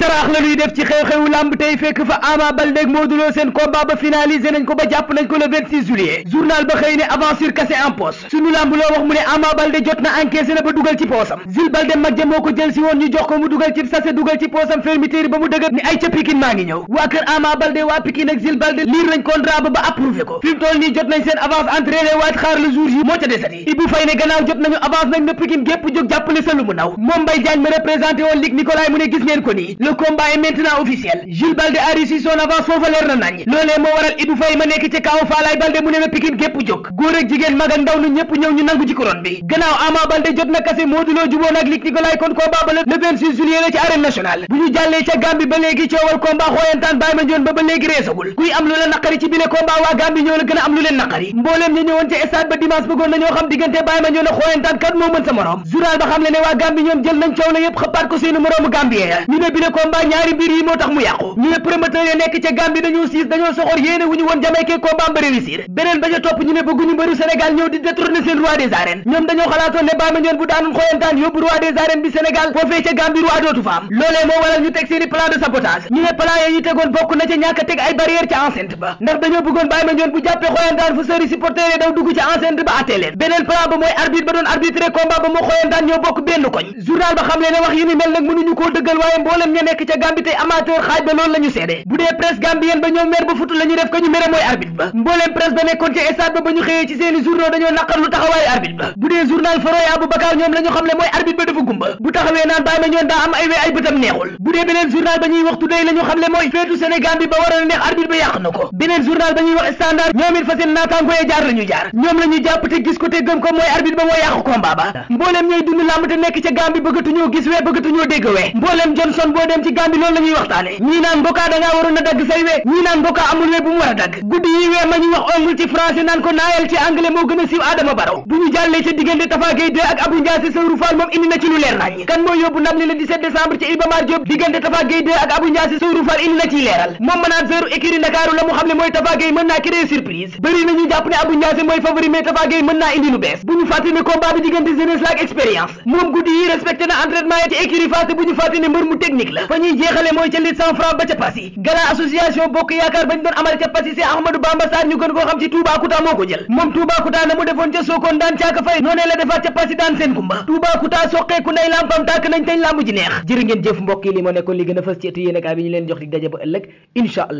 caraax la ñuy def ci xew-xewu lamb tey fekk fa Ama Baldé ak Modou Lo seen ba finalisé nañ ko ba jàpp nañ ko le 26 juillet journal ba xëy ne aventure cassé en poste sunu lamb loo wax mu Ama Baldé jot na encaissé na ba dugal ci poosam zil Baldé mag ja moo ko jël si woon mu dugal ci sase dugal ci poosam fermeture ba mu dëgër ni ay ca Pikine maa ngi ñëw Ama Baldé waa Pikine zil Baldé liir nañ contrat ba ba approuvé ko fi mu toll jot nañ seen avance le combat est maintenant officiel Jules Balde a réussi son foofa leer na nañ loolee moo waral Ibou Faye ma nekk ci kaw Balde mu ne ma Pikine gépp jóg góor ak jigéen mag ndaw nu ñëpp ñëw ñu nangu ci couronne bi gannaaw Ama Balde jot na kase Modou Lo juboon ak Luc Nicolaï kon combat ba le 26 la ci arène nationale bu ñu jàllee ca Gambie ba léegi coowal combat xooyantaan bàyyi ma njoon ba ba léegi reesagul kuy am lu la naqari ci bile ne waa combat ñaari mbir yi moo tax mu yàqu ñu ne promoteur ya nekk ca Gambie dañoo siis dañoo soxor yéene wu ñu woon jamaykee combat ba réussir beneen ba ca ñu ne bëgguñu mbëru Sénégal ñëw di détrôner seen roi des arènes ñoom dañoo xalaatoon ne Baye bu daanoon xoyantaan yóbbu roi des arènes bi Sénégal foofee ca Gambie roi dootu fa loolee moo waral ñu teg seeni plan de sabotage ñu ne plan ya ñu tegoon bokk na ca ñàkk a teg ay barrière ca nekk ca Gambie tey amateur xaaj ba loolu la ñu bu dee presse gambienne ba ñoom mer ba futu la def ko ñu mere mooy arbitre ba mbooleem presse ba làmb te nekk ca Gambie bëggatuñoo gis wee bëggatuñoo dégg wee mbooleem Johnson boo dem ci Gàmbi loolu la ñuy waxtaane ñii naan Boka da waroon a dagg say we ñii naan Boka amul we bu mu war a dagg guddi yi weer ma ñuy wax ongle ci français naan ko naayal ci anglais moo gën a siiw Adama Barrow bu ñu jàllee ca diggante Tafa Gueye 2 ak Abou Ndiassé Saourou Fall moom indi na ci lu leer nañ kan moo yóbbu ndam li le 17 décembre ci Iba Mar Diop diggante Tafa Gueye 2 ak Abou Ndiassé Saourou Fall indi na ciy leeral moom manager écurie Ndakaaru la mu fa ñuy jeexale mooy ca lit cent franc ba ca gala association bokk yaakaar bañ doon amal ca pas yi si Ahmadou Bamba ñu gën koo xam ci Toubacouta moo ko jël moom Toubacouta na mu defoon ca Sokone daan caaka fay noonee la defaat ca daan seen kumba Toubacouta soqeeku nay lampam tàkk nañ tey làmb ji neex jërë ngeen jëf mbokk yi li moo nekkoon li gën a fës ci ëttu yéenekaay bi ñu leen jox di daje ba ëllëg